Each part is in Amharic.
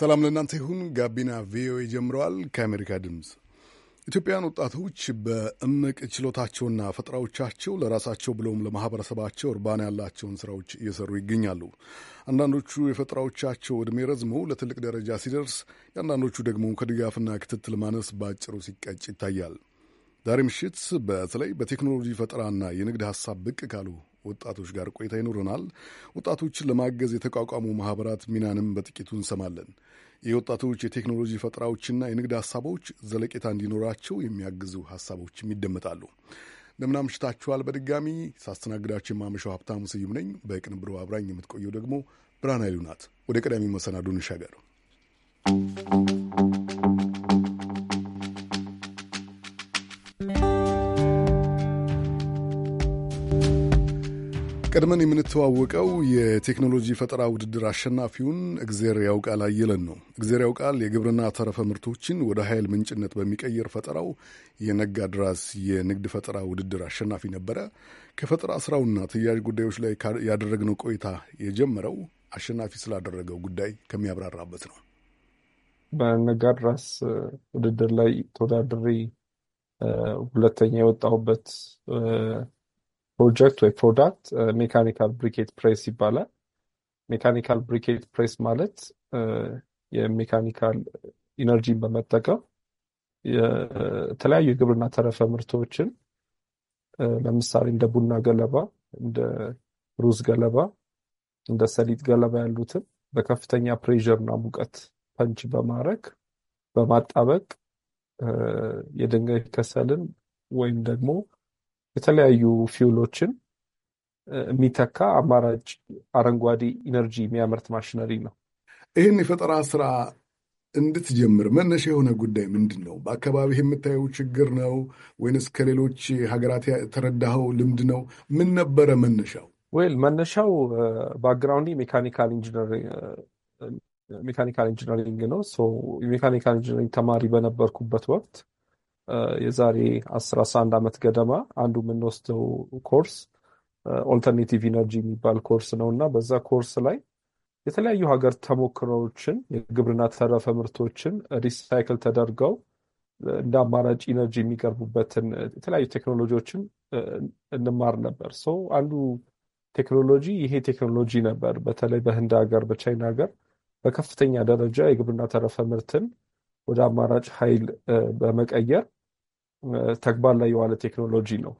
ሰላም ለእናንተ ይሁን። ጋቢና ቪኦኤ ጀምረዋል። ከአሜሪካ ድምፅ ኢትዮጵያውያን ወጣቶች በእምቅ ችሎታቸውና ፈጠራዎቻቸው ለራሳቸው ብለውም ለማህበረሰባቸው እርባና ያላቸውን ስራዎች እየሰሩ ይገኛሉ። አንዳንዶቹ የፈጠራዎቻቸው ዕድሜ ረዝሞ ለትልቅ ደረጃ ሲደርስ፣ የአንዳንዶቹ ደግሞ ከድጋፍና ክትትል ማነስ በአጭሩ ሲቀጭ ይታያል። ዛሬ ምሽት በተለይ በቴክኖሎጂ ፈጠራና የንግድ ሀሳብ ብቅ ካሉ ወጣቶች ጋር ቆይታ ይኖረናል። ወጣቶችን ለማገዝ የተቋቋሙ ማህበራት ሚናንም በጥቂቱ እንሰማለን። የወጣቶች የቴክኖሎጂ ፈጠራዎችና የንግድ ሀሳቦች ዘለቄታ እንዲኖራቸው የሚያግዙ ሀሳቦችም ይደመጣሉ። እንደምናምሽታችኋል። በድጋሚ ሳስተናግዳቸው የማመሻው ሀብታሙ ስዩም ነኝ። በቅንብሮ አብራኝ የምትቆየው ደግሞ ብርሃን ኃይሉ ወደ ቀዳሚ መሰናዶ እንሻገር። ቀድመን የምንተዋወቀው የቴክኖሎጂ ፈጠራ ውድድር አሸናፊውን እግዜር ያውቃል አየለን ነው። እግዜር ያውቃል የግብርና ተረፈ ምርቶችን ወደ ኃይል ምንጭነት በሚቀይር ፈጠራው የነጋ ድራስ የንግድ ፈጠራ ውድድር አሸናፊ ነበረ። ከፈጠራ ስራውና ተያያዥ ጉዳዮች ላይ ያደረግነው ቆይታ የጀመረው አሸናፊ ስላደረገው ጉዳይ ከሚያብራራበት ነው። በነጋ ድራስ ውድድር ላይ ተወዳድሬ ሁለተኛ የወጣሁበት ፕሮጀክት ወይ ፕሮዳክት ሜካኒካል ብሪኬት ፕሬስ ይባላል። ሜካኒካል ብሪኬት ፕሬስ ማለት የሜካኒካል ኢነርጂን በመጠቀም የተለያዩ የግብርና ተረፈ ምርቶችን ለምሳሌ እንደ ቡና ገለባ፣ እንደ ሩዝ ገለባ፣ እንደ ሰሊጥ ገለባ ያሉትን በከፍተኛ ፕሬዥር ሙቀት ፐንች በማድረግ በማጣበቅ የድንጋይ ከሰልን ወይም ደግሞ የተለያዩ ፊውሎችን የሚተካ አማራጭ አረንጓዴ ኢነርጂ የሚያመርት ማሽነሪ ነው። ይህን የፈጠራ ስራ እንድትጀምር መነሻ የሆነ ጉዳይ ምንድን ነው? በአካባቢህ የምታየው ችግር ነው ወይንስ ከሌሎች ሀገራት የተረዳኸው ልምድ ነው? ምን ነበረ መነሻው? ወይል መነሻው ባክግራውንድ ሜካኒካል ኢንጂነሪንግ ነው። ሜካኒካል ኢንጂነሪንግ ተማሪ በነበርኩበት ወቅት የዛሬ 11 ዓመት ገደማ አንዱ የምንወስደው ኮርስ ኦልተርኔቲቭ ኢነርጂ የሚባል ኮርስ ነው እና በዛ ኮርስ ላይ የተለያዩ ሀገር ተሞክሮዎችን የግብርና ተረፈ ምርቶችን ሪሳይክል ተደርገው እንደ አማራጭ ኢነርጂ የሚቀርቡበትን የተለያዩ ቴክኖሎጂዎችን እንማር ነበር። ሰው አንዱ ቴክኖሎጂ ይሄ ቴክኖሎጂ ነበር። በተለይ በህንድ ሀገር፣ በቻይና ሀገር በከፍተኛ ደረጃ የግብርና ተረፈ ምርትን ወደ አማራጭ ኃይል በመቀየር ተግባር ላይ የዋለ ቴክኖሎጂ ነው።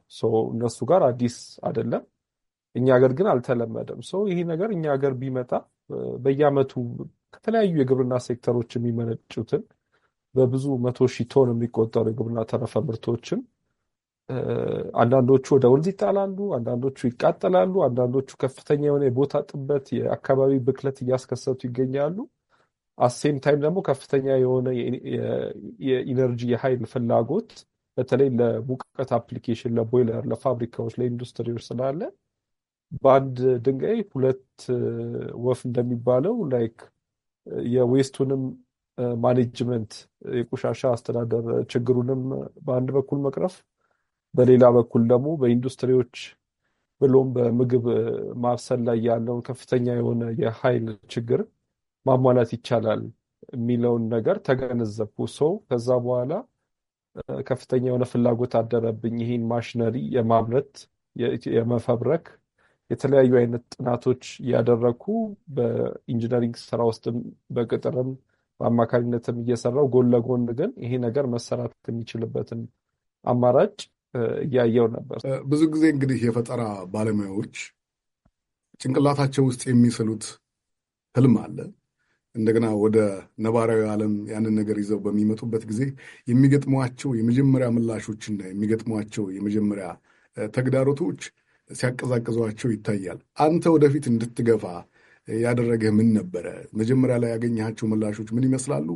እነሱ ጋር አዲስ አይደለም። እኛ ሀገር ግን አልተለመደም። ሰው ይሄ ነገር እኛ ሀገር ቢመጣ በየአመቱ ከተለያዩ የግብርና ሴክተሮች የሚመነጩትን በብዙ መቶ ሺህ ቶን የሚቆጠሩ የግብርና ተረፈ ምርቶችን አንዳንዶቹ ወደ ወንዝ ይጣላሉ፣ አንዳንዶቹ ይቃጠላሉ፣ አንዳንዶቹ ከፍተኛ የሆነ የቦታ ጥበት፣ የአካባቢ ብክለት እያስከሰቱ ይገኛሉ። አሴም ታይም ደግሞ ከፍተኛ የሆነ የኢነርጂ የኃይል ፍላጎት በተለይ ለሙቀት አፕሊኬሽን ለቦይለር፣ ለፋብሪካዎች፣ ለኢንዱስትሪዎች ስላለ በአንድ ድንጋይ ሁለት ወፍ እንደሚባለው ላይክ የዌስቱንም ማኔጅመንት የቆሻሻ አስተዳደር ችግሩንም በአንድ በኩል መቅረፍ፣ በሌላ በኩል ደግሞ በኢንዱስትሪዎች ብሎም በምግብ ማብሰል ላይ ያለውን ከፍተኛ የሆነ የኃይል ችግር ማሟላት ይቻላል የሚለውን ነገር ተገነዘብኩ። ሰው ከዛ በኋላ ከፍተኛ የሆነ ፍላጎት አደረብኝ። ይህን ማሽነሪ የማምረት የመፈብረክ የተለያዩ አይነት ጥናቶች እያደረግኩ በኢንጂነሪንግ ስራ ውስጥም በቅጥርም በአማካሪነትም እየሰራው ጎን ለጎን ግን ይሄ ነገር መሰራት የሚችልበትን አማራጭ እያየው ነበር። ብዙ ጊዜ እንግዲህ የፈጠራ ባለሙያዎች ጭንቅላታቸው ውስጥ የሚስሉት ህልም አለ። እንደገና ወደ ነባራዊ ዓለም ያንን ነገር ይዘው በሚመጡበት ጊዜ የሚገጥሟቸው የመጀመሪያ ምላሾችና የሚገጥሟቸው የመጀመሪያ ተግዳሮቶች ሲያቀዛቅዟቸው ይታያል። አንተ ወደፊት እንድትገፋ ያደረገህ ምን ነበረ? መጀመሪያ ላይ ያገኘሃቸው ምላሾች ምን ይመስላሉ?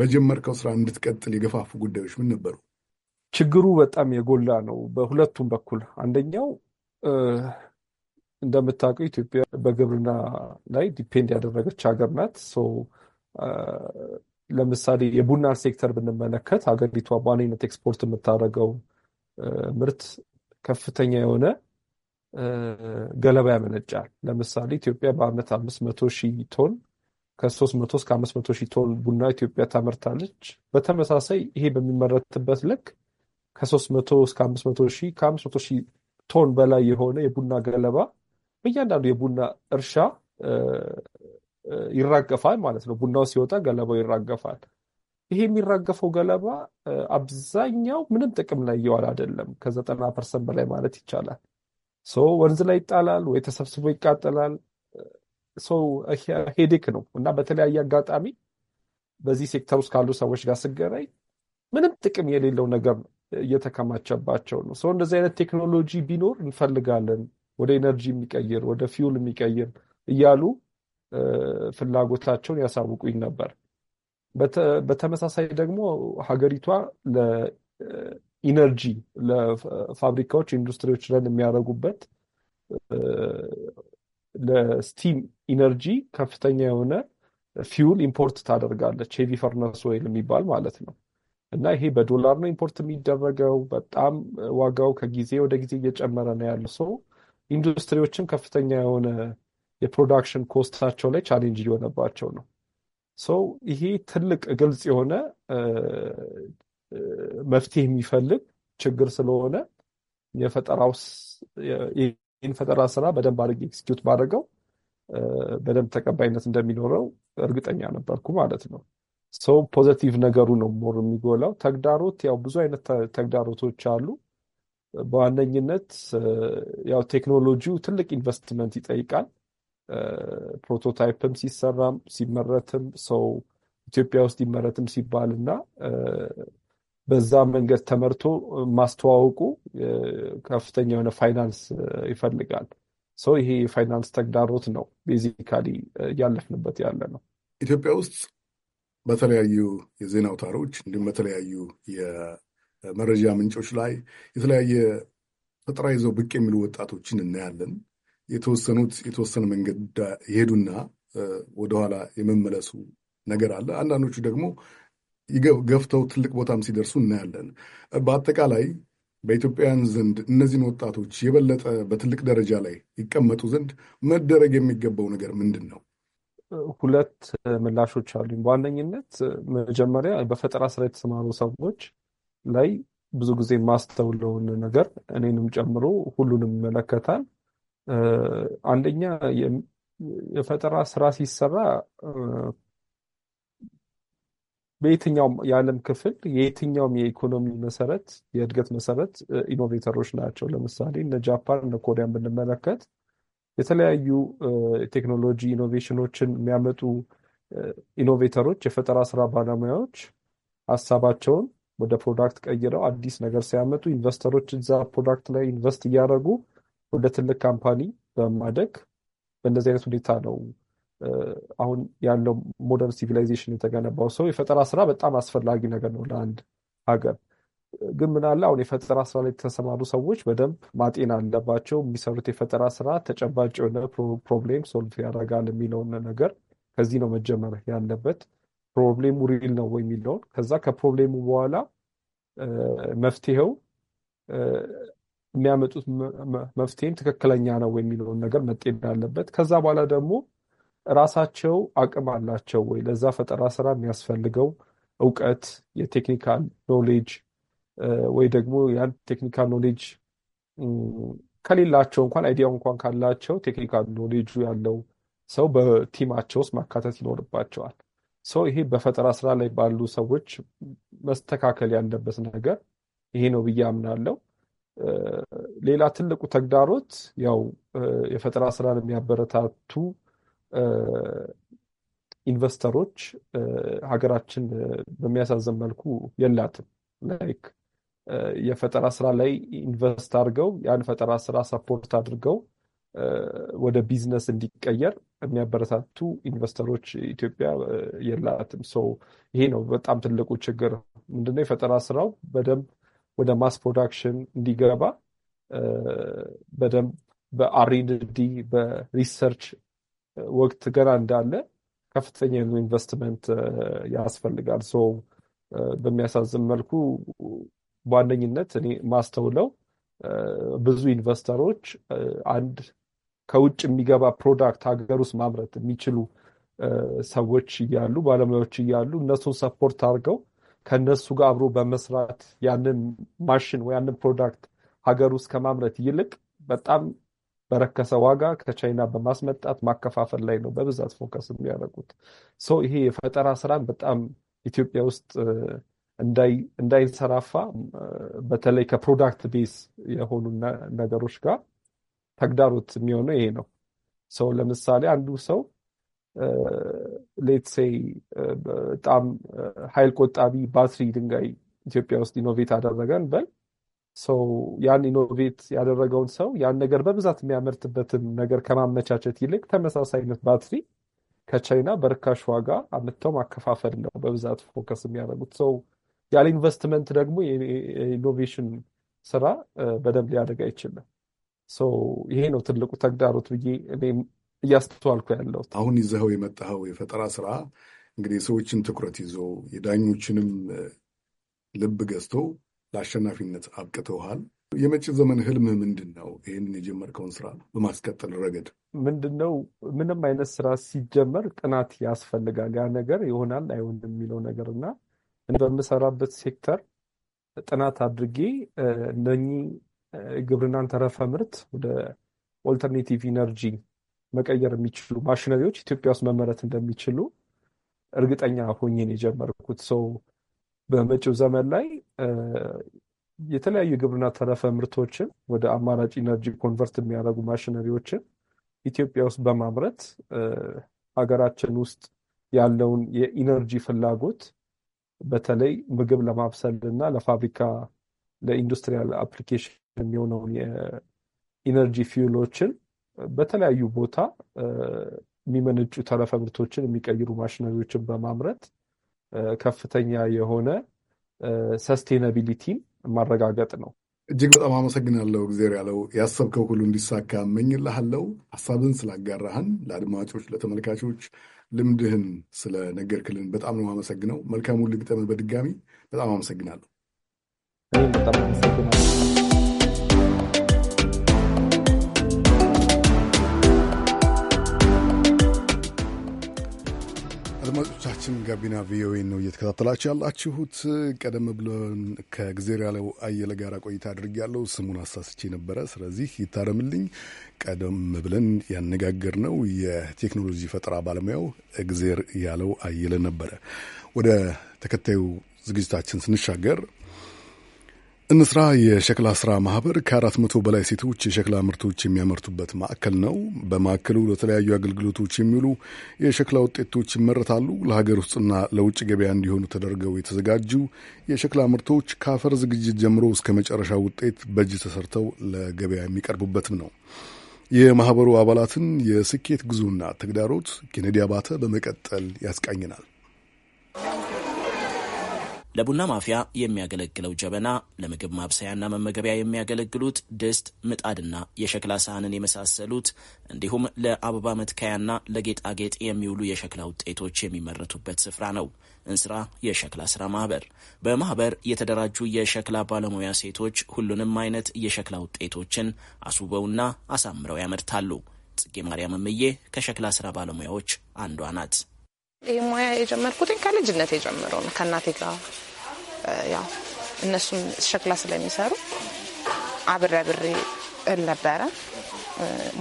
በጀመርከው ስራ እንድትቀጥል የገፋፉ ጉዳዮች ምን ነበሩ? ችግሩ በጣም የጎላ ነው በሁለቱም በኩል አንደኛው እንደምታውቀው ኢትዮጵያ በግብርና ላይ ዲፔንድ ያደረገች ሀገር ናት። ለምሳሌ የቡና ሴክተር ብንመለከት ሀገሪቷ በዋነኝነት ኤክስፖርት የምታደርገው ምርት ከፍተኛ የሆነ ገለባ ያመነጫል። ለምሳሌ ኢትዮጵያ በአመት አምስት መቶ ሺህ ቶን ከሶስት መቶ እስከ አምስት መቶ ሺህ ቶን ቡና ኢትዮጵያ ታመርታለች። በተመሳሳይ ይሄ በሚመረትበት ልክ ከሶስት መቶ እስከ አምስት መቶ ሺህ ከአምስት መቶ ሺህ ቶን በላይ የሆነ የቡና ገለባ በእያንዳንዱ የቡና እርሻ ይራገፋል ማለት ነው። ቡናው ሲወጣ ገለባው ይራገፋል። ይሄ የሚራገፈው ገለባ አብዛኛው ምንም ጥቅም ላይ እየዋለ አይደለም። ከዘጠና ፐርሰንት በላይ ማለት ይቻላል ሰው ወንዝ ላይ ይጣላል ወይ ተሰብስቦ ይቃጠላል። ሰው ሄዴክ ነው እና በተለያየ አጋጣሚ በዚህ ሴክተር ውስጥ ካሉ ሰዎች ጋር ስገናኝ ምንም ጥቅም የሌለው ነገር እየተከማቸባቸው ነው። ሰው እንደዚህ አይነት ቴክኖሎጂ ቢኖር እንፈልጋለን ወደ ኤነርጂ የሚቀይር ወደ ፊውል የሚቀይር እያሉ ፍላጎታቸውን ያሳውቁኝ ነበር። በተመሳሳይ ደግሞ ሀገሪቷ ለኢነርጂ ለፋብሪካዎች፣ ኢንዱስትሪዎች ረን የሚያደርጉበት ለስቲም ኢነርጂ ከፍተኛ የሆነ ፊውል ኢምፖርት ታደርጋለች። ሄቪ ፈርነስ ወይል የሚባል ማለት ነው። እና ይሄ በዶላር ነው ኢምፖርት የሚደረገው። በጣም ዋጋው ከጊዜ ወደ ጊዜ እየጨመረ ነው ያለው ሰው ኢንዱስትሪዎችም ከፍተኛ የሆነ የፕሮዳክሽን ኮስታቸው ላይ ቻሌንጅ እየሆነባቸው ነው። ሰው ይሄ ትልቅ ግልጽ የሆነ መፍትሄ የሚፈልግ ችግር ስለሆነ ይህን ፈጠራ ስራ በደንብ አድርጌ ኤክስኪዩት ባድርገው በደንብ ተቀባይነት እንደሚኖረው እርግጠኛ ነበርኩ ማለት ነው። ሰው ፖዘቲቭ ነገሩ ነው ሞር የሚጎላው። ተግዳሮት ያው ብዙ አይነት ተግዳሮቶች አሉ። በዋነኝነት ያው ቴክኖሎጂው ትልቅ ኢንቨስትመንት ይጠይቃል። ፕሮቶታይፕም ሲሰራም ሲመረትም ሰው ኢትዮጵያ ውስጥ ይመረትም ሲባል እና በዛ መንገድ ተመርቶ ማስተዋወቁ ከፍተኛ የሆነ ፋይናንስ ይፈልጋል። ሰው ይሄ የፋይናንስ ተግዳሮት ነው ቤዚካሊ እያለፍንበት ያለ ነው። ኢትዮጵያ ውስጥ በተለያዩ የዜና አውታሮች እንዲሁም በተለያዩ መረጃ ምንጮች ላይ የተለያየ ፈጠራ ይዘው ብቅ የሚሉ ወጣቶችን እናያለን። የተወሰኑት የተወሰነ መንገድ ይሄዱና ወደኋላ የመመለሱ ነገር አለ። አንዳንዶቹ ደግሞ ገፍተው ትልቅ ቦታም ሲደርሱ እናያለን። በአጠቃላይ በኢትዮጵያውያን ዘንድ እነዚህን ወጣቶች የበለጠ በትልቅ ደረጃ ላይ ይቀመጡ ዘንድ መደረግ የሚገባው ነገር ምንድን ነው? ሁለት ምላሾች አሉኝ። በዋነኝነት መጀመሪያ በፈጠራ ስራ የተሰማሩ ሰዎች ላይ ብዙ ጊዜ የማስተውለውን ነገር እኔንም ጨምሮ ሁሉንም ይመለከታል። አንደኛ የፈጠራ ስራ ሲሰራ በየትኛውም የዓለም ክፍል የየትኛውም የኢኮኖሚ መሰረት የእድገት መሰረት ኢኖቬተሮች ናቸው። ለምሳሌ እነ ጃፓን እነ ኮሪያን ብንመለከት የተለያዩ ቴክኖሎጂ ኢኖቬሽኖችን የሚያመጡ ኢኖቬተሮች፣ የፈጠራ ስራ ባለሙያዎች ሀሳባቸውን ወደ ፕሮዳክት ቀይረው አዲስ ነገር ሲያመጡ ኢንቨስተሮች እዛ ፕሮዳክት ላይ ኢንቨስት እያደረጉ ወደ ትልቅ ካምፓኒ በማደግ በእንደዚህ አይነት ሁኔታ ነው አሁን ያለው ሞደርን ሲቪላይዜሽን የተገነባው። ሰው የፈጠራ ስራ በጣም አስፈላጊ ነገር ነው ለአንድ ሀገር። ግን ምናለ አሁን የፈጠራ ስራ ላይ የተሰማሩ ሰዎች በደንብ ማጤን አለባቸው። የሚሰሩት የፈጠራ ስራ ተጨባጭ የሆነ ፕሮብሌም ሶልቭ ያደርጋል የሚለውን ነገር ከዚህ ነው መጀመር ያለበት። ፕሮብሌሙ ሪል ነው ወይ የሚለውን ከዛ ከፕሮብሌሙ በኋላ መፍትሄው የሚያመጡት መፍትሄም ትክክለኛ ነው የሚለውን ነገር መጤን አለበት። ከዛ በኋላ ደግሞ ራሳቸው አቅም አላቸው ወይ ለዛ ፈጠራ ስራ የሚያስፈልገው እውቀት፣ የቴክኒካል ኖሌጅ ወይ ደግሞ ያን ቴክኒካል ኖሌጅ ከሌላቸው እንኳን አይዲያው እንኳን ካላቸው ቴክኒካል ኖሌጁ ያለው ሰው በቲማቸው ውስጥ ማካተት ይኖርባቸዋል። ሰው ይሄ በፈጠራ ስራ ላይ ባሉ ሰዎች መስተካከል ያለበት ነገር ይሄ ነው ብዬ አምናለው ሌላ ትልቁ ተግዳሮት ያው የፈጠራ ስራን የሚያበረታቱ ኢንቨስተሮች ሀገራችን በሚያሳዝን መልኩ የላትም። ላይክ የፈጠራ ስራ ላይ ኢንቨስት አድርገው ያን ፈጠራ ስራ ሰፖርት አድርገው ወደ ቢዝነስ እንዲቀየር የሚያበረታቱ ኢንቨስተሮች ኢትዮጵያ የላትም። ሰው ይሄ ነው በጣም ትልቁ ችግር። ምንድነው የፈጠራ ስራው በደንብ ወደ ማስ ፕሮዳክሽን እንዲገባ በደንብ በአሪንዲ በሪሰርች ወቅት ገና እንዳለ ከፍተኛ ኢንቨስትመንት ያስፈልጋል። ሰው በሚያሳዝን መልኩ በዋነኝነት እኔ ማስተውለው ብዙ ኢንቨስተሮች አንድ ከውጭ የሚገባ ፕሮዳክት ሀገር ውስጥ ማምረት የሚችሉ ሰዎች እያሉ ባለሙያዎች እያሉ እነሱን ሰፖርት አድርገው ከነሱ ጋር አብሮ በመስራት ያንን ማሽን ወይ ያንን ፕሮዳክት ሀገር ውስጥ ከማምረት ይልቅ በጣም በረከሰ ዋጋ ከቻይና በማስመጣት ማከፋፈል ላይ ነው በብዛት ፎከስ የሚያደርጉት። ሰው ይሄ የፈጠራ ስራን በጣም ኢትዮጵያ ውስጥ እንዳይንሰራፋ በተለይ ከፕሮዳክት ቤዝ የሆኑ ነገሮች ጋር ተግዳሮት የሚሆነው ይሄ ነው። ሰው ለምሳሌ አንዱ ሰው ሌትሴይ በጣም ኃይል ቆጣቢ ባትሪ ድንጋይ ኢትዮጵያ ውስጥ ኢኖቬት አደረገን በል ሰው ያን ኢኖቬት ያደረገውን ሰው ያን ነገር በብዛት የሚያመርትበትን ነገር ከማመቻቸት ይልቅ ተመሳሳይ አይነት ባትሪ ከቻይና በርካሽ ዋጋ አምጥተው ማከፋፈል ነው በብዛት ፎከስ የሚያደርጉት። ሰው ያለ ኢንቨስትመንት ደግሞ የኢኖቬሽን ስራ በደንብ ሊያደግ አይችልም። ይሄ ነው ትልቁ ተግዳሮት ብዬ እኔ እያስተዋልኩ ያለሁት። አሁን ይዘኸው የመጣኸው የፈጠራ ስራ እንግዲህ የሰዎችን ትኩረት ይዞ የዳኞችንም ልብ ገዝቶ ለአሸናፊነት አብቅተውሃል። የመጪ ዘመን ህልምህ ምንድን ነው? ይህንን የጀመርከውን ስራ በማስቀጠል ረገድ ምንድን ነው? ምንም አይነት ስራ ሲጀመር ጥናት ያስፈልጋል። ያ ነገር ይሆናል አይሆንም የሚለው ነገር እና በምሰራበት ሴክተር ጥናት አድርጌ እነኚህ ግብርናን ተረፈ ምርት ወደ ኦልተርኔቲቭ ኢነርጂ መቀየር የሚችሉ ማሽነሪዎች ኢትዮጵያ ውስጥ መመረት እንደሚችሉ እርግጠኛ ሆኜን የጀመርኩት ሰው በመጪው ዘመን ላይ የተለያዩ የግብርና ተረፈ ምርቶችን ወደ አማራጭ ኢነርጂ ኮንቨርት የሚያደርጉ ማሽነሪዎችን ኢትዮጵያ ውስጥ በማምረት ሀገራችን ውስጥ ያለውን የኢነርጂ ፍላጎት በተለይ ምግብ ለማብሰል እና ለፋብሪካ ለኢንዱስትሪያል አፕሊኬሽን የሚሆነውን የኢነርጂ ፊውሎችን በተለያዩ ቦታ የሚመነጩ ተረፈ ምርቶችን የሚቀይሩ ማሽነሪዎችን በማምረት ከፍተኛ የሆነ ሰስቴናቢሊቲን ማረጋገጥ ነው። እጅግ በጣም አመሰግናለሁ። እግዜር ያለው ያሰብከው ሁሉ እንዲሳካ እመኝልሃለሁ። ሀሳብን ስላጋራህን ለአድማጮች ለተመልካቾች ልምድህን ስለነገርክልን በጣም ነው አመሰግነው። መልካሙን ልግጠምን። በድጋሚ በጣም አመሰግናለሁ። በጣም አመሰግናለሁ። አድማጮቻችን ጋቢና ቪኦኤ ነው እየተከታተላችሁ ያላችሁት። ቀደም ብለን ከጊዜር ያለው አየለ ጋር ቆይታ አድርጌያለሁ። ስሙን አሳስቼ ነበረ፣ ስለዚህ ይታረምልኝ። ቀደም ብለን ያነጋገርነው የቴክኖሎጂ ፈጠራ ባለሙያው እግዜር ያለው አየለ ነበረ። ወደ ተከታዩ ዝግጅታችን ስንሻገር እንስራ የሸክላ ስራ ማህበር ከአራት መቶ በላይ ሴቶች የሸክላ ምርቶች የሚያመርቱበት ማዕከል ነው። በማዕከሉ ለተለያዩ አገልግሎቶች የሚውሉ የሸክላ ውጤቶች ይመረታሉ። ለሀገር ውስጥና ለውጭ ገበያ እንዲሆኑ ተደርገው የተዘጋጁ የሸክላ ምርቶች ከአፈር ዝግጅት ጀምሮ እስከ መጨረሻ ውጤት በእጅ ተሰርተው ለገበያ የሚቀርቡበትም ነው። የማህበሩ አባላትን የስኬት ጉዞና ተግዳሮት ኬኔዲ አባተ በመቀጠል ያስቃኝናል። ለቡና ማፍያ የሚያገለግለው ጀበና፣ ለምግብ ማብሰያና መመገቢያ የሚያገለግሉት ድስት፣ ምጣድና የሸክላ ሳህንን የመሳሰሉት እንዲሁም ለአበባ መትከያና ለጌጣጌጥ የሚውሉ የሸክላ ውጤቶች የሚመረቱበት ስፍራ ነው። እንስራ የሸክላ ስራ ማህበር በማህበር የተደራጁ የሸክላ ባለሙያ ሴቶች ሁሉንም አይነት የሸክላ ውጤቶችን አስውበውና አሳምረው ያመርታሉ። ጽጌ ማርያም እምዬ ከሸክላ ስራ ባለሙያዎች አንዷ ናት። ይህ ሙያ የጀመርኩትኝ ከልጅነት የጀመረው ነው። ከእናቴ ጋር ያው እነሱም ሸክላ ስለሚሰሩ አብሬ አብሬ እል ነበረ።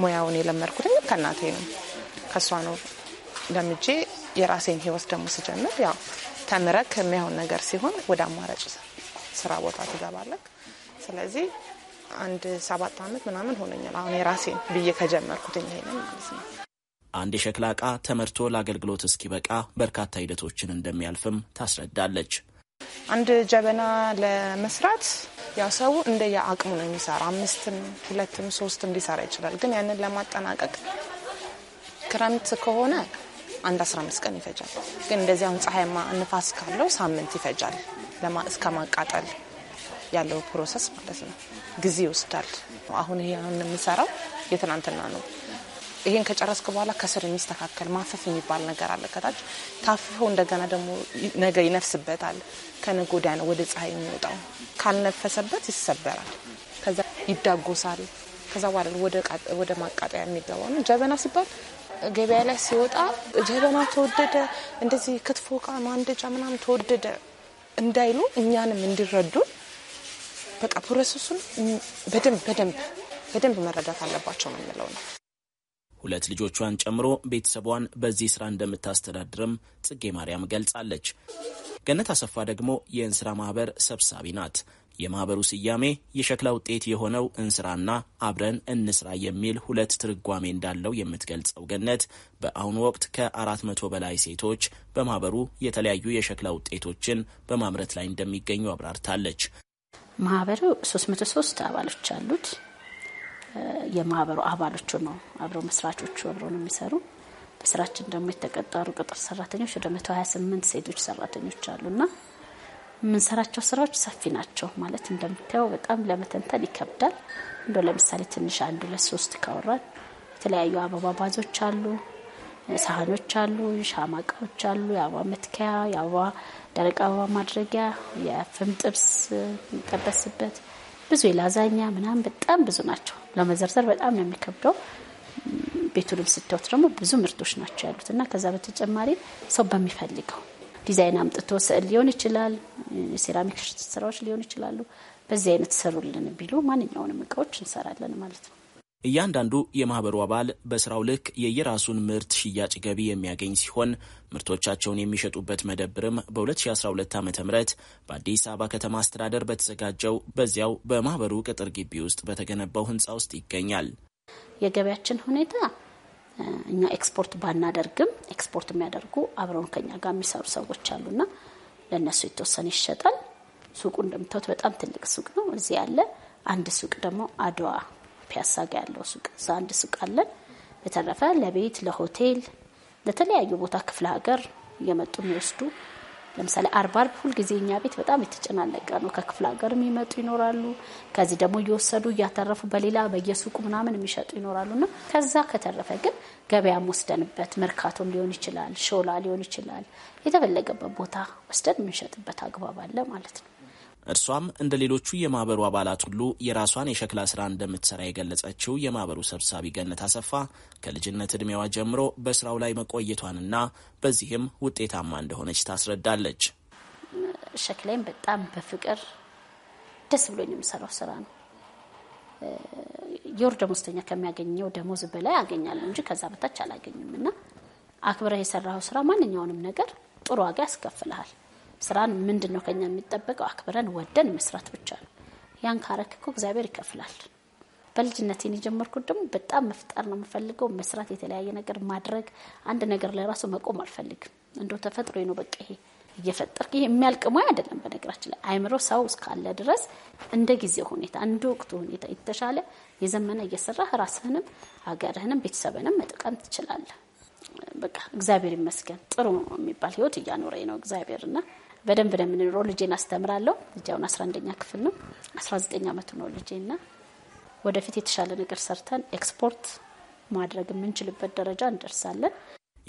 ሙያውን የለመድኩትኝ ከእናቴ ነው፣ ከእሷ ነው ለምጄ የራሴን ህይወት ደግሞ ስጀምር ያው ተምረክ የሚሆን ነገር ሲሆን ወደ አማራጭ ስራ ቦታ ትገባለክ። ስለዚህ አንድ ሰባት አመት ምናምን ሆነኛል አሁን የራሴን ብዬ ከጀመርኩትኝ ይሄንን ማለት ነው። አንድ የሸክላ ዕቃ ተመርቶ ለአገልግሎት እስኪበቃ በርካታ ሂደቶችን እንደሚያልፍም ታስረዳለች። አንድ ጀበና ለመስራት ያው ሰው እንደ የአቅሙ ነው የሚሰራ። አምስትም ሁለትም ሶስትም ሊሰራ ይችላል። ግን ያንን ለማጠናቀቅ ክረምት ከሆነ አንድ 15 ቀን ይፈጃል። ግን እንደዚህ አሁን ፀሐይማ ንፋስ ካለው ሳምንት ይፈጃል እስከ ማቃጠል ያለው ፕሮሰስ ማለት ነው። ጊዜ ይወስዳል። አሁን ይሄ አሁን የምንሰራው የትናንትና ነው። ይሄን ከጨረስክ በኋላ ከስር የሚስተካከል ማፈፍ የሚባል ነገር አለ። ከታች ታፍፈው እንደገና ደግሞ ነገ ይነፍስበታል። ከነገ ወዲያ ነው ወደ ፀሐይ የሚወጣው። ካልነፈሰበት ይሰበራል፣ ከዛ ይዳጎሳል። ከዛ በኋላ ወደ ማቃጠያ የሚገባው ነው። ጀበና ሲባል ገበያ ላይ ሲወጣ ጀበና ተወደደ፣ እንደዚህ ክትፎ እቃ ማንደጃ ምናምን ተወደደ እንዳይሉ እኛንም እንዲረዱን በቃ ፕሮሰሱን በደንብ በደንብ በደንብ መረዳት አለባቸው ነው የምለው ነው። ሁለት ልጆቿን ጨምሮ ቤተሰቧን በዚህ ስራ እንደምታስተዳድርም ጽጌ ማርያም ገልጻለች። ገነት አሰፋ ደግሞ የእንስራ ማህበር ሰብሳቢ ናት። የማህበሩ ስያሜ የሸክላ ውጤት የሆነው እንስራና አብረን እንስራ የሚል ሁለት ትርጓሜ እንዳለው የምትገልጸው ገነት በአሁኑ ወቅት ከአራት መቶ በላይ ሴቶች በማህበሩ የተለያዩ የሸክላ ውጤቶችን በማምረት ላይ እንደሚገኙ አብራርታለች። ማህበሩ 303 አባሎች አሉት። የማህበሩ አባሎቹ ነው አብረው መስራቾቹ አብረው ነው የሚሰሩ። በስራችን ደግሞ የተቀጠሩ ቅጥር ሰራተኞች ወደ 128 ሴቶች ሰራተኞች አሉና የምንሰራቸው ስራዎች ሰፊ ናቸው ማለት እንደምታየው በጣም ለመተንተን ይከብዳል። እንደ ለምሳሌ ትንሽ አንድ ሁለት ሶስት ካወራል የተለያዩ አበባ ባዞች አሉ፣ ሳህኖች አሉ፣ ሻማ እቃዎች አሉ፣ የአበባ መትከያ፣ የአበባ ደረቅ አበባ ማድረጊያ፣ የፍም ጥብስ የሚጠበስበት ብዙ የላዛኛ ምናምን በጣም ብዙ ናቸው። ለመዘርዘር በጣም ነው የሚከብደው። ቤቱንም ስታዩት ደግሞ ብዙ ምርቶች ናቸው ያሉት እና ከዛ በተጨማሪ ሰው በሚፈልገው ዲዛይን አምጥቶ ስዕል ሊሆን ይችላል፣ ሴራሚክ ስራዎች ሊሆን ይችላሉ። በዚህ አይነት ሰሩልን ቢሉ ማንኛውንም እቃዎች እንሰራለን ማለት ነው። እያንዳንዱ የማህበሩ አባል በስራው ልክ የየራሱን ምርት ሽያጭ ገቢ የሚያገኝ ሲሆን ምርቶቻቸውን የሚሸጡበት መደብርም በ2012 ዓ ም በአዲስ አበባ ከተማ አስተዳደር በተዘጋጀው በዚያው በማህበሩ ቅጥር ግቢ ውስጥ በተገነባው ህንፃ ውስጥ ይገኛል። የገበያችን ሁኔታ እኛ ኤክስፖርት ባናደርግም ኤክስፖርት የሚያደርጉ አብረውን ከኛ ጋር የሚሰሩ ሰዎች አሉና ለእነሱ የተወሰነ ይሸጣል። ሱቁ እንደምታዩት በጣም ትልቅ ሱቅ ነው። እዚህ ያለ አንድ ሱቅ ደግሞ አድዋ ፒያሳ ጋ ያለው ሱቅ እዛ አንድ ሱቅ አለን። በተረፈ ለቤት ለሆቴል፣ ለተለያዩ ቦታ ክፍለ ሀገር እየመጡ የሚወስዱ ለምሳሌ አርብ አርብ ሁልጊዜ እኛ ቤት በጣም የተጨናነቀ ነው። ከክፍለ ሀገር የሚመጡ ይኖራሉ። ከዚህ ደግሞ እየወሰዱ እያተረፉ በሌላ በየሱቁ ምናምን የሚሸጡ ይኖራሉና ከዛ ከተረፈ ግን ገበያም ወስደንበት መርካቶም ሊሆን ይችላል፣ ሾላ ሊሆን ይችላል፣ የተፈለገበት ቦታ ወስደን የምንሸጥበት አግባብ አለ ማለት ነው። እርሷም እንደ ሌሎቹ የማህበሩ አባላት ሁሉ የራሷን የሸክላ ስራ እንደምትሰራ የገለጸችው የማህበሩ ሰብሳቢ ገነት አሰፋ ከልጅነት ዕድሜዋ ጀምሮ በስራው ላይ መቆየቷንና በዚህም ውጤታማ እንደሆነች ታስረዳለች። ሸክላይም በጣም በፍቅር ደስ ብሎኝ የምሰራው ስራ ነው። የወር ደሞዝተኛ ከሚያገኘው ደሞዝ በላይ አገኛለሁ እንጂ ከዛ በታች አላገኝም እና አክብረህ የሰራኸው ስራ ማንኛውንም ነገር ጥሩ ዋጋ ያስከፍልሃል። ስራን ምንድን ነው ከኛ የሚጠበቀው? አክብረን ወደን መስራት ብቻ ነው። ያን ካረክ እኮ እግዚአብሔር ይከፍላል። በልጅነቴን የጀመርኩት ደግሞ በጣም መፍጠር ነው የምፈልገው፣ መስራት፣ የተለያየ ነገር ማድረግ፣ አንድ ነገር ላይ ራሱ መቆም አልፈልግም። እንደ ተፈጥሮ ነው በቃ ይሄ እየፈጠርኩ ይሄ የሚያልቅ ሙያ አይደለም። በነገራችን ላይ አይምሮ ሰው እስካለ ድረስ እንደ ጊዜ ሁኔታ፣ እንደ ወቅቱ ሁኔታ የተሻለ የዘመነ እየሰራህ ራስህንም ሀገርህንም ቤተሰብንም መጥቀም ትችላለህ። በቃ እግዚአብሔር ይመስገን ጥሩ የሚባል ህይወት እያኖረኝ ነው እግዚአብሔርና በደንብ ነው የምንኖረው። ልጄን አስተምራለሁ። ልጄ አሁን አስራ አንደኛ ክፍል ነው። አስራ ዘጠኝ አመቱ ነው ና ወደፊት የተሻለ ነገር ሰርተን ኤክስፖርት ማድረግ የምንችልበት ደረጃ እንደርሳለን።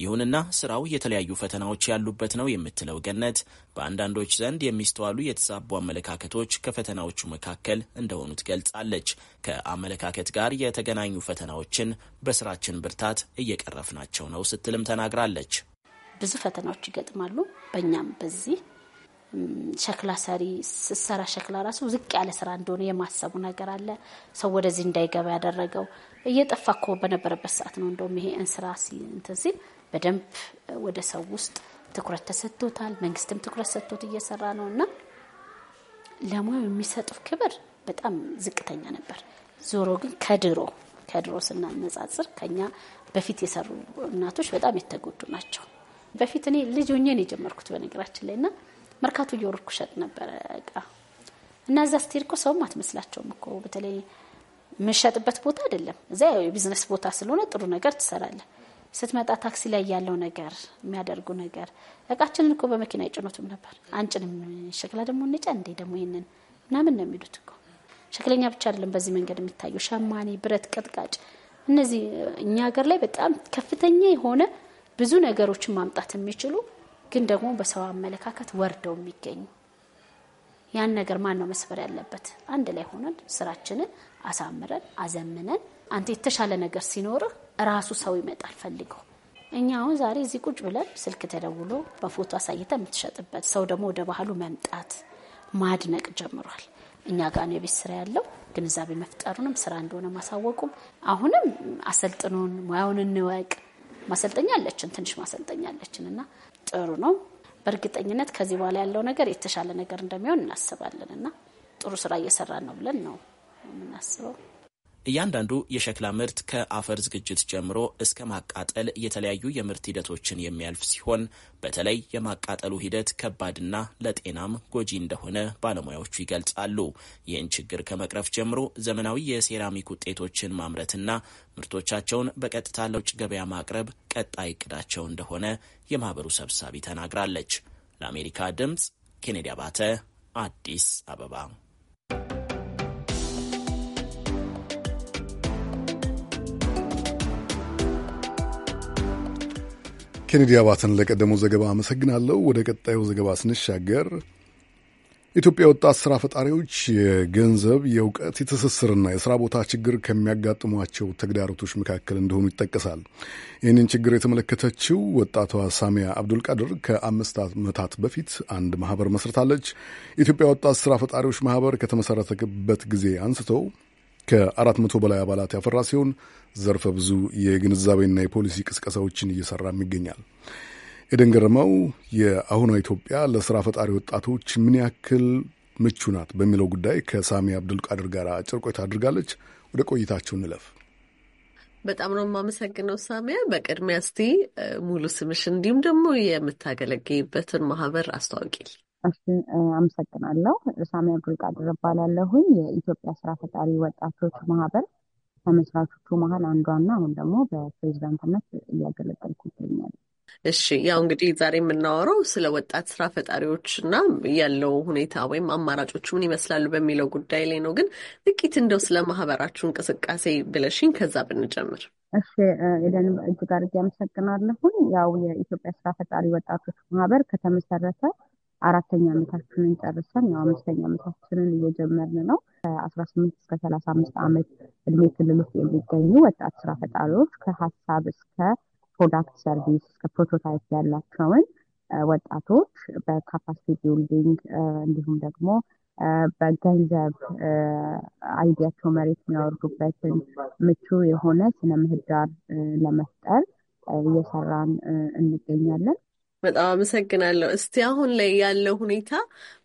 ይሁንና ስራው የተለያዩ ፈተናዎች ያሉበት ነው የምትለው ገነት፣ በአንዳንዶች ዘንድ የሚስተዋሉ የተዛቡ አመለካከቶች ከፈተናዎቹ መካከል እንደሆኑ ትገልጻለች። ከአመለካከት ጋር የተገናኙ ፈተናዎችን በስራችን ብርታት እየቀረፍናቸው ነው ስትልም ተናግራለች። ብዙ ፈተናዎች ይገጥማሉ። በእኛም በዚህ ሸክላ ሰሪ ስሰራ ሸክላ ራሱ ዝቅ ያለ ስራ እንደሆነ የማሰቡ ነገር አለ። ሰው ወደዚህ እንዳይገባ ያደረገው እየጠፋ እኮ በነበረበት ሰዓት ነው። እንደውም ይሄ እንስራ እንትን ሲል በደንብ ወደ ሰው ውስጥ ትኩረት ተሰጥቶታል። መንግስትም ትኩረት ሰጥቶት እየሰራ ነው እና ለሙያው የሚሰጡት ክብር በጣም ዝቅተኛ ነበር። ዞሮ ግን ከድሮ ከድሮ ስናነጻጽር ከኛ በፊት የሰሩ እናቶች በጣም የተጎዱ ናቸው። በፊት እኔ ልጅ ሆኜ ነው የጀመርኩት በነገራችን ላይ ና መርካቶ እየወረድኩ እሸጥ ነበረ እቃ እና እዛ ስትሄድ እኮ ሰውም አትመስላቸውም እኮ በተለይ የምሸጥበት ቦታ አይደለም። እዛ የቢዝነስ ቦታ ስለሆነ ጥሩ ነገር ትሰራለህ። ስትመጣ ታክሲ ላይ ያለው ነገር የሚያደርጉ ነገር እቃችንን እኮ በመኪና አይጭኑትም ነበር። አንጭንም ሸክላ ደግሞ እንጫ እንዴ ደግሞ ይህንን ምናምን ነው የሚሉት እኮ። ሸክለኛ ብቻ አይደለም በዚህ መንገድ የሚታየው ሸማኔ፣ ብረት ቀጥቃጭ፣ እነዚህ እኛ ሀገር ላይ በጣም ከፍተኛ የሆነ ብዙ ነገሮችን ማምጣት የሚችሉ ግን ደግሞ በሰው አመለካከት ወርደው የሚገኙ ያን ነገር ማን ነው መስበር ያለበት? አንድ ላይ ሆነን ስራችንን አሳምረን አዘምነን አንተ የተሻለ ነገር ሲኖርህ ራሱ ሰው ይመጣል ፈልገው። እኛ አሁን ዛሬ እዚህ ቁጭ ብለን ስልክ ተደውሎ በፎቶ አሳይተ የምትሸጥበት ሰው ደግሞ ወደ ባህሉ መምጣት ማድነቅ ጀምሯል። እኛ ጋር ነው የቤት ስራ ያለው። ግንዛቤ መፍጠሩንም ስራ እንደሆነ ማሳወቁም አሁንም አሰልጥኑን ሙያውን እንወቅ ማሰልጠኛ አለችን ትንሽ ማሰልጠኛ አለችን እና ጥሩ ነው። በእርግጠኝነት ከዚህ በኋላ ያለው ነገር የተሻለ ነገር እንደሚሆን እናስባለን እና ጥሩ ስራ እየሰራን ነው ብለን ነው የምናስበው። እያንዳንዱ የሸክላ ምርት ከአፈር ዝግጅት ጀምሮ እስከ ማቃጠል የተለያዩ የምርት ሂደቶችን የሚያልፍ ሲሆን በተለይ የማቃጠሉ ሂደት ከባድና ለጤናም ጎጂ እንደሆነ ባለሙያዎቹ ይገልጻሉ። ይህን ችግር ከመቅረፍ ጀምሮ ዘመናዊ የሴራሚክ ውጤቶችን ማምረትና ምርቶቻቸውን በቀጥታ ለውጭ ገበያ ማቅረብ ቀጣይ እቅዳቸው እንደሆነ የማህበሩ ሰብሳቢ ተናግራለች። ለአሜሪካ ድምፅ ኬኔዲ አባተ አዲስ አበባ ኬኔዲ አባትን ለቀደመው ዘገባ አመሰግናለሁ። ወደ ቀጣዩ ዘገባ ስንሻገር ኢትዮጵያ ወጣት ስራ ፈጣሪዎች የገንዘብ፣ የእውቀት፣ የትስስርና የስራ ቦታ ችግር ከሚያጋጥሟቸው ተግዳሮቶች መካከል እንደሆኑ ይጠቀሳል። ይህንን ችግር የተመለከተችው ወጣቷ ሳሚያ አብዱልቃድር ከአምስት ዓመታት በፊት አንድ ማህበር መስርታለች። የኢትዮጵያ ወጣት ስራ ፈጣሪዎች ማህበር ከተመሰረተበት ጊዜ አንስተው ከአራት መቶ በላይ አባላት ያፈራ ሲሆን ዘርፈ ብዙ የግንዛቤና የፖሊሲ ቅስቀሳዎችን እየሰራም ይገኛል። ኤደን ገረመው የአሁኗ ኢትዮጵያ ለስራ ፈጣሪ ወጣቶች ምን ያክል ምቹ ናት በሚለው ጉዳይ ከሳሚ አብዱልቃድር ጋር አጭር ቆይታ አድርጋለች። ወደ ቆይታቸው እንለፍ። በጣም ነው የማመሰግነው ሳሚያ። በቅድሚያ እስቲ ሙሉ ስምሽ እንዲሁም ደግሞ የምታገለግይበትን ማህበር አስተዋውቂል። እሺ አመሰግናለሁ። ሳሚ አብዱልቃድር እባላለሁኝ። የኢትዮጵያ ስራ ፈጣሪ ወጣቶች ማህበር ከመስራቾቹ መሀል አንዷና አሁን ደግሞ በፕሬዚዳንትነት እያገለገልኩ ይገኛል። እሺ ያው እንግዲህ ዛሬ የምናወረው ስለ ወጣት ስራ ፈጣሪዎች እና ያለው ሁኔታ ወይም አማራጮቹ ምን ይመስላሉ በሚለው ጉዳይ ላይ ነው። ግን ጥቂት እንደው ስለ ማህበራችሁ እንቅስቃሴ ብለሽኝ ከዛ ብንጀምር። እሺ ኤደን፣ እጅግ አድርጌ አመሰግናለሁኝ። ያው የኢትዮጵያ ስራ ፈጣሪ ወጣቶች ማህበር ከተመሰረተ አራተኛ ዓመታችንን ጨርሰን ያው አምስተኛ ዓመታችንን እየጀመርን ነው። ከአስራ ስምንት እስከ ሰላሳ አምስት ዓመት እድሜ ክልል ውስጥ የሚገኙ ወጣት ስራ ፈጣሪዎች ከሀሳብ እስከ ፕሮዳክት ሰርቪስ እስከ ፕሮቶታይፕ ያላቸውን ወጣቶች በካፓሲቲ ቢልዲንግ እንዲሁም ደግሞ በገንዘብ አይዲያቸው መሬት የሚያወርዱበትን ምቹ የሆነ ስነ ምህዳር ለመፍጠር እየሰራን እንገኛለን። በጣም አመሰግናለሁ። እስቲ አሁን ላይ ያለው ሁኔታ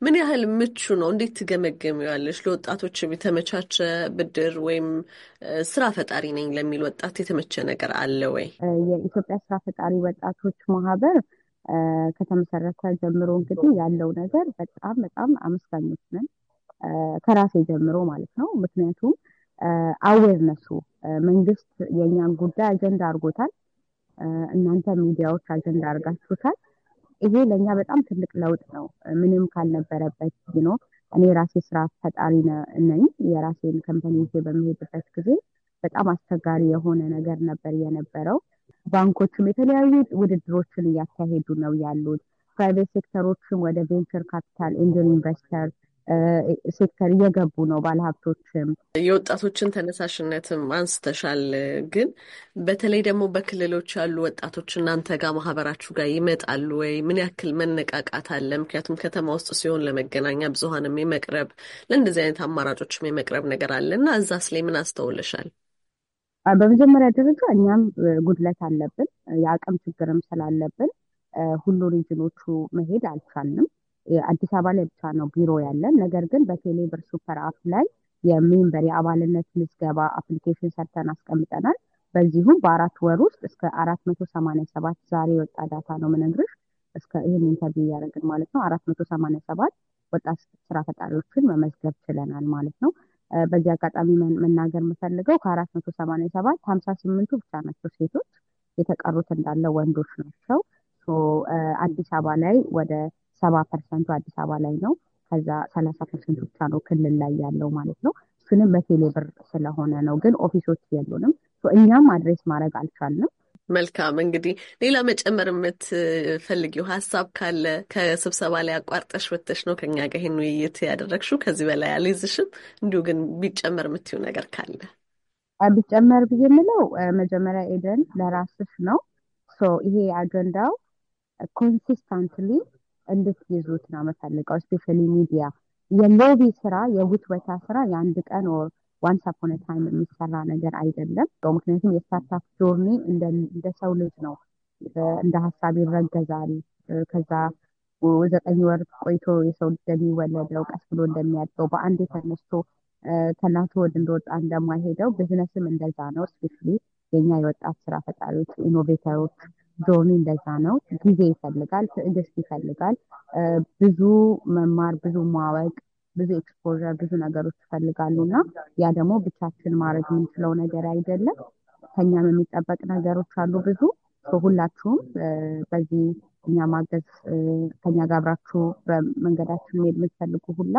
ምን ያህል ምቹ ነው? እንዴት ትገመገሚዋለሽ? ለወጣቶች የተመቻቸ ብድር ወይም ስራ ፈጣሪ ነኝ ለሚል ወጣት የተመቸ ነገር አለ ወይ? የኢትዮጵያ ስራ ፈጣሪ ወጣቶች ማህበር ከተመሰረተ ጀምሮ እንግዲህ ያለው ነገር በጣም በጣም አመስጋኞች ነን፣ ከራሴ ጀምሮ ማለት ነው። ምክንያቱም አዌርነሱ መንግስት የእኛን ጉዳይ አጀንዳ አድርጎታል። እናንተ ሚዲያዎች አጀንዳ አድርጋችሁታል። ይሄ ለእኛ በጣም ትልቅ ለውጥ ነው። ምንም ካልነበረበት ኖ እኔ የራሴ ስራ ፈጣሪ ነኝ። የራሴን ከምፐኒ ይዤ በሚሄድበት ጊዜ በጣም አስቸጋሪ የሆነ ነገር ነበር የነበረው። ባንኮችም የተለያዩ ውድድሮችን እያካሄዱ ነው ያሉት። ፕራይቬት ሴክተሮችም ወደ ቬንቸር ካፒታል ኢንጅን ኢንቨስተር ሴክተር እየገቡ ነው ባለሀብቶችም። የወጣቶችን ተነሳሽነትም አንስተሻል። ግን በተለይ ደግሞ በክልሎች ያሉ ወጣቶች እናንተ ጋር ማህበራችሁ ጋር ይመጣሉ ወይ? ምን ያክል መነቃቃት አለ? ምክንያቱም ከተማ ውስጥ ሲሆን ለመገናኛ ብዙሀንም የመቅረብ ለእንደዚህ አይነት አማራጮችም የመቅረብ ነገር አለ እና እዛስ ላይ ምን አስተውልሻል? በመጀመሪያ ደረጃ እኛም ጉድለት አለብን፣ የአቅም ችግርም ስላለብን ሁሉ ሪጅኖቹ መሄድ አልቻልንም። አዲስ አበባ ላይ ብቻ ነው ቢሮ ያለን። ነገር ግን በቴሌብር ሱፐር አፕ ላይ የሜምበር የአባልነት ምዝገባ አፕሊኬሽን ሰርተን አስቀምጠናል። በዚሁም በአራት ወር ውስጥ እስከ አራት መቶ ሰማኒያ ሰባት ዛሬ የወጣ ዳታ ነው ምነግርሽ እስከ ይህን ኢንተርቪው እያደረግን ማለት ነው አራት መቶ ሰማኒያ ሰባት ወጣት ስራ ፈጣሪዎችን መመዝገብ ችለናል ማለት ነው። በዚህ አጋጣሚ መናገር የምፈልገው ከአራት መቶ ሰማኒያ ሰባት ሀምሳ ስምንቱ ብቻ ናቸው ሴቶች የተቀሩት እንዳለ ወንዶች ናቸው። አዲስ አበባ ላይ ወደ ሰባ ፐርሰንቱ አዲስ አበባ ላይ ነው። ከዛ ሰላሳ ፐርሰንት ብቻ ነው ክልል ላይ ያለው ማለት ነው። እሱንም በቴሌ ብር ስለሆነ ነው። ግን ኦፊሶች የሉንም፣ እኛም አድሬስ ማድረግ አልቻልንም። መልካም እንግዲህ ሌላ መጨመር የምትፈልጊው ሀሳብ ካለ ከስብሰባ ላይ አቋርጠሽ ወጥተሽ ነው ከኛ ጋር ይህን ውይይት ያደረግሽው። ከዚህ በላይ አልይዝሽም። እንዲሁ ግን ቢጨመር የምትዩ ነገር ካለ ቢጨመር ብዬ የምለው መጀመሪያ ኤደን ለራስሽ ነው ይሄ አጀንዳው ኮንሲስታንትሊ እንድትይዙት ነው የምፈልገው። ስፔሻሊ ሚዲያ የሎቢ ስራ የውትወታ ስራ የአንድ ቀን ወር ዋንስ አፖን ታይም የሚሰራ ነገር አይደለም። ምክንያቱም የስታርታፕ ጆርኒ እንደ ሰው ልጅ ነው። እንደ ሀሳብ ይረገዛል። ከዛ ዘጠኝ ወር ቆይቶ የሰው ልጅ እንደሚወለደው ቀስ ብሎ እንደሚያድገው በአንድ የተነስቶ ከእናቱ ወድ እንደወጣ እንደማይሄደው ብዝነስም እንደዛ ነው። ስፔሻሊ የኛ የወጣት ስራ ፈጣሪዎች ኢኖቬተሮች ጆርኒ እንደዛ ነው። ጊዜ ይፈልጋል፣ ትዕግስት ይፈልጋል። ብዙ መማር፣ ብዙ ማወቅ፣ ብዙ ኤክስፖዠር፣ ብዙ ነገሮች ይፈልጋሉ እና ያ ደግሞ ብቻችን ማድረግ የምንችለው ነገር አይደለም። ከኛም የሚጠበቅ ነገሮች አሉ ብዙ። ሁላችሁም በዚህ እኛ ማገዝ ከኛ ጋር አብራችሁ በመንገዳችሁ መሄድ የምትፈልጉ ሁላ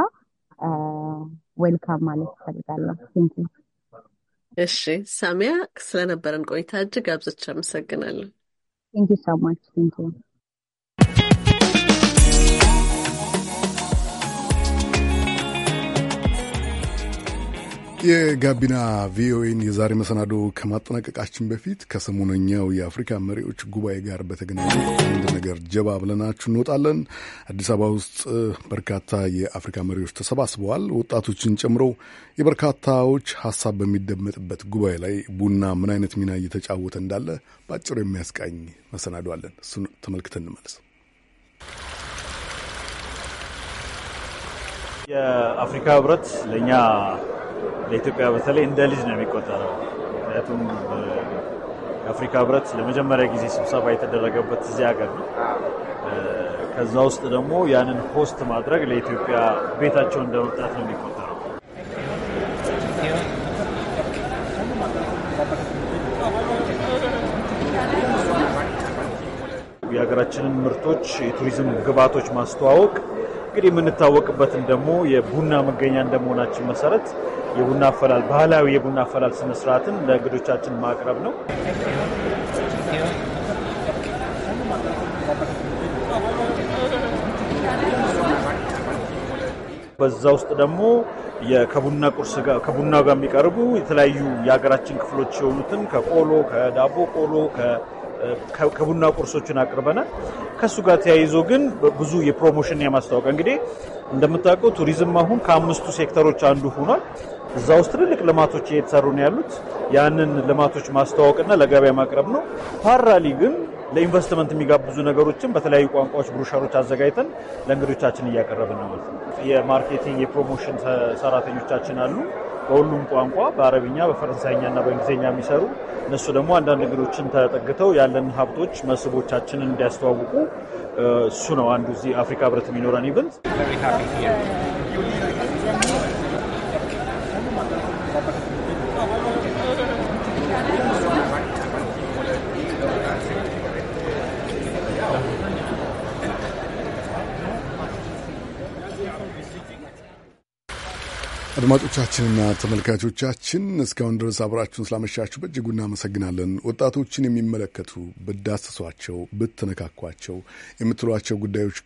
ዌልካም ማለት ይፈልጋለሁ። ቴንኪው። እሺ ሳሚያ፣ ስለነበረን ቆይታ እጅግ አብዝቼ አመሰግናለሁ። Thank you so much. Thank you. የጋቢና ቪኦኤን የዛሬ መሰናዶ ከማጠናቀቃችን በፊት ከሰሞነኛው የአፍሪካ መሪዎች ጉባኤ ጋር በተገናኘ አንድ ነገር ጀባ ብለናችሁ እንወጣለን። አዲስ አበባ ውስጥ በርካታ የአፍሪካ መሪዎች ተሰባስበዋል። ወጣቶችን ጨምሮ የበርካታዎች ሀሳብ በሚደመጥበት ጉባኤ ላይ ቡና ምን አይነት ሚና እየተጫወተ እንዳለ በአጭሩ የሚያስቃኝ መሰናዶ አለን። እሱን ተመልክተን እንመለስ። የአፍሪካ ህብረት ለእኛ ለኢትዮጵያ በተለይ እንደ ልጅ ነው የሚቆጠረው። ምክንያቱም የአፍሪካ ህብረት ለመጀመሪያ ጊዜ ስብሰባ የተደረገበት እዚህ ሀገር ነው። ከዛ ውስጥ ደግሞ ያንን ሆስት ማድረግ ለኢትዮጵያ ቤታቸው እንደ መምጣት ነው የሚቆጠረው። የሀገራችንን ምርቶች የቱሪዝም ግብዓቶች ማስተዋወቅ እንግዲህ የምንታወቅበትን ደግሞ የቡና መገኛ እንደመሆናችን መሰረት የቡና አፈላል ባህላዊ የቡና አፈላል ስነስርዓትን ለእንግዶቻችን ማቅረብ ነው። በዛ ውስጥ ደግሞ ከቡና ቁርስ ጋር ከቡና ጋር የሚቀርቡ የተለያዩ የሀገራችን ክፍሎች የሆኑትን ከቆሎ፣ ከዳቦ ቆሎ፣ ከቡና ቁርሶችን አቅርበናል። ከእሱ ጋር ተያይዞ ግን ብዙ የፕሮሞሽን የማስታወቂያ እንግዲህ እንደምታውቀው ቱሪዝም አሁን ከአምስቱ ሴክተሮች አንዱ ሆኗል። እዛ ውስጥ ትልልቅ ልማቶች እየተሰሩ ነው ያሉት። ያንን ልማቶች ማስተዋወቅና ለገበያ ማቅረብ ነው። ፓራሊ ግን ለኢንቨስትመንት የሚጋብዙ ነገሮችን በተለያዩ ቋንቋዎች ብሮሸሮች አዘጋጅተን ለእንግዶቻችን እያቀረብን ነው ማለት ነው። የማርኬቲንግ የፕሮሞሽን ሰራተኞቻችን አሉ በሁሉም ቋንቋ በአረብኛ፣ በፈረንሳይኛ እና በእንግሊዝኛ የሚሰሩ እነሱ ደግሞ አንዳንድ እንግዶችን ተጠግተው ያለን ሀብቶች መስህቦቻችንን እንዲያስተዋውቁ እሱ ነው አንዱ እዚህ አፍሪካ ህብረት የሚኖረን ይብንት አድማጮቻችንና ተመልካቾቻችን እስካሁን ድረስ አብራችሁን ስላመሻችሁ በእጅጉ እናመሰግናለን። ወጣቶችን የሚመለከቱ ብዳስሷቸው፣ ብትነካኳቸው የምትሏቸው ጉዳዮች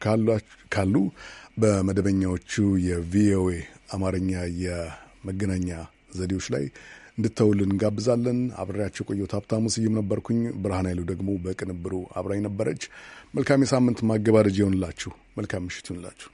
ካሉ በመደበኛዎቹ የቪኦኤ አማርኛ የመገናኛ ዘዴዎች ላይ እንድተውልን እንጋብዛለን። አብሬያቸው ቆየሁት ሀብታሙ ስዩም ነበርኩኝ። ብርሃን ኃይሉ ደግሞ በቅንብሩ አብራኝ ነበረች። መልካም የሳምንት ማገባደጅ ይሆንላችሁ። መልካም ምሽት ይሆንላችሁ።